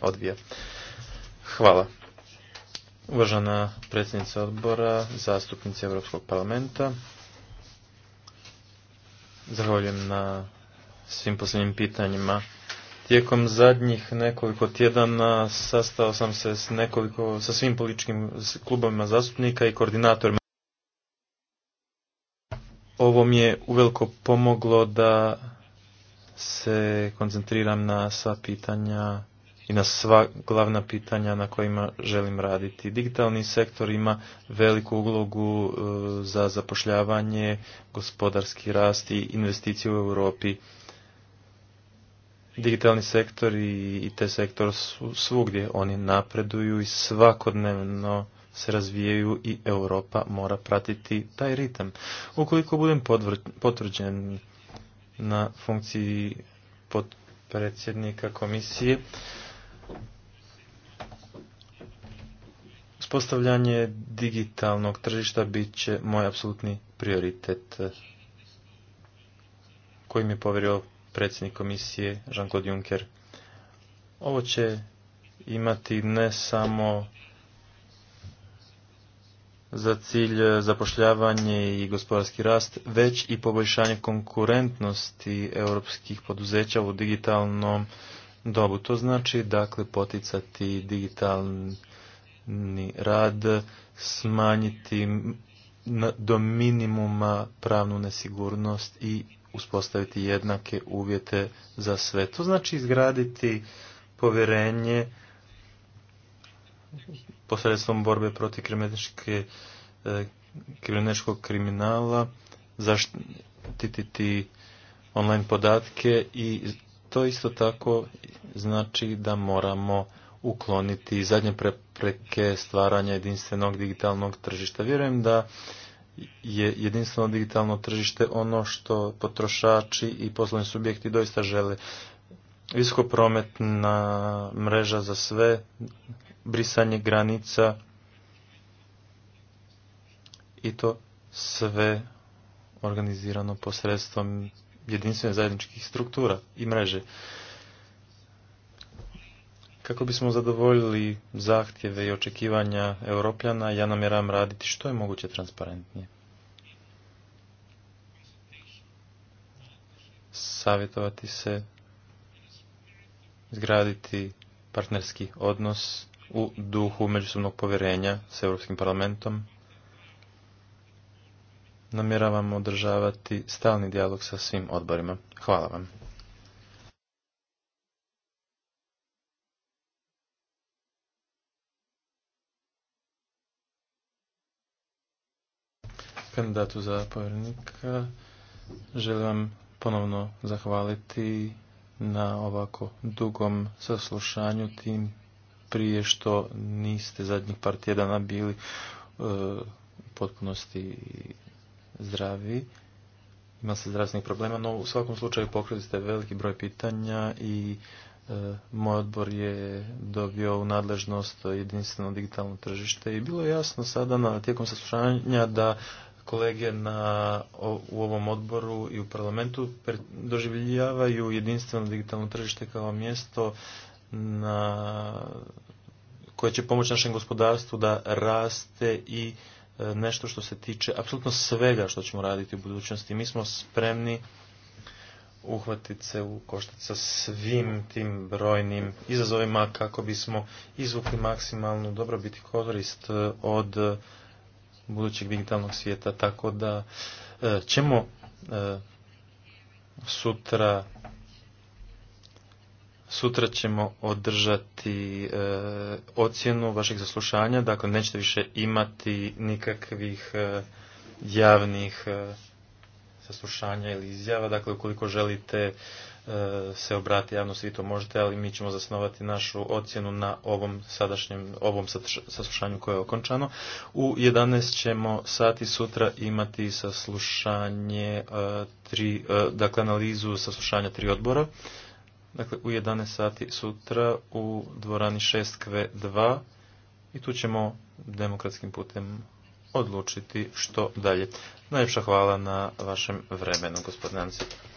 odvija. Hvala. Uvažena predsjednica odbora, zastupnici Europskog parlamenta, zahvaljujem na svim posljednjim pitanjima. Tijekom zadnjih nekoliko tjedana sastao sam se s nekoliko, sa svim političkim klubovima zastupnika i koordinatorima. Ovo mi je uveliko pomoglo da se koncentriram na sva pitanja i na sva glavna pitanja na kojima želim raditi. Digitalni sektor ima veliku ulogu e, za zapošljavanje, gospodarski rast i investicije u Europi. Digitalni sektor i, te sektor su svugdje oni napreduju i svakodnevno se razvijaju i Europa mora pratiti taj ritam. Ukoliko budem potvrđen na funkciji pod predsjednika komisije Postavljanje digitalnog tržišta bit će moj apsolutni prioritet eh, koji mi je povjerio predsjednik komisije Jean-Claude Juncker. Ovo će imati ne samo za cilj zapošljavanje i gospodarski rast, već i poboljšanje konkurentnosti europskih poduzeća u digitalnom dobu. To znači dakle poticati digitalni rad, smanjiti do minimuma pravnu nesigurnost i uspostaviti jednake uvjete za sve. To znači izgraditi povjerenje posredstvom borbe protiv kibernetičkog e, kriminala, zaštititi online podatke i to isto tako znači da moramo ukloniti zadnje prepreke stvaranja jedinstvenog digitalnog tržišta. Vjerujem da je jedinstveno digitalno tržište ono što potrošači i poslovni subjekti doista žele. Visokoprometna mreža za sve, brisanje granica i to sve organizirano posredstvom jedinstvenih zajedničkih struktura i mreže. Kako bismo zadovoljili zahtjeve i očekivanja europljana, ja namjeram raditi što je moguće transparentnije. Savjetovati se, izgraditi partnerski odnos u duhu međusobnog povjerenja s Europskim parlamentom. Namjeravamo održavati stalni dijalog sa svim odborima. Hvala vam. kandidatu za povjerenika. Želim vam ponovno zahvaliti na ovako dugom saslušanju tim prije što niste zadnjih par tjedana bili e, u potpunosti zdravi. Ima se zdravstvenih problema, no u svakom slučaju pokrili ste veliki broj pitanja i e, moj odbor je dobio u nadležnost jedinstveno digitalno tržište i bilo je jasno sada na tijekom saslušanja da kolege na, u ovom odboru i u parlamentu doživljavaju jedinstveno digitalno tržište kao mjesto na, koje će pomoći našem gospodarstvu da raste i e, nešto što se tiče apsolutno svega što ćemo raditi u budućnosti. Mi smo spremni uhvatiti se u koštac sa svim tim brojnim izazovima kako bismo izvukli maksimalnu dobrobiti korist e, od budućeg digitalnog svijeta, tako da e, ćemo e, sutra Sutra ćemo održati e, ocjenu vašeg zaslušanja, dakle nećete više imati nikakvih javnih saslušanja ili izjava. Dakle, ukoliko želite e, se obrati javno, svi to možete, ali mi ćemo zasnovati našu ocjenu na ovom sadašnjem, ovom saslušanju koje je okončano. U 11 ćemo sati sutra imati saslušanje, e, tri, e, dakle analizu saslušanja tri odbora. Dakle, u 11 sati sutra u dvorani 6 kve 2 i tu ćemo demokratskim putem odlučiti što dalje. Najljepša hvala na vašem vremenu, gospodine Ansip.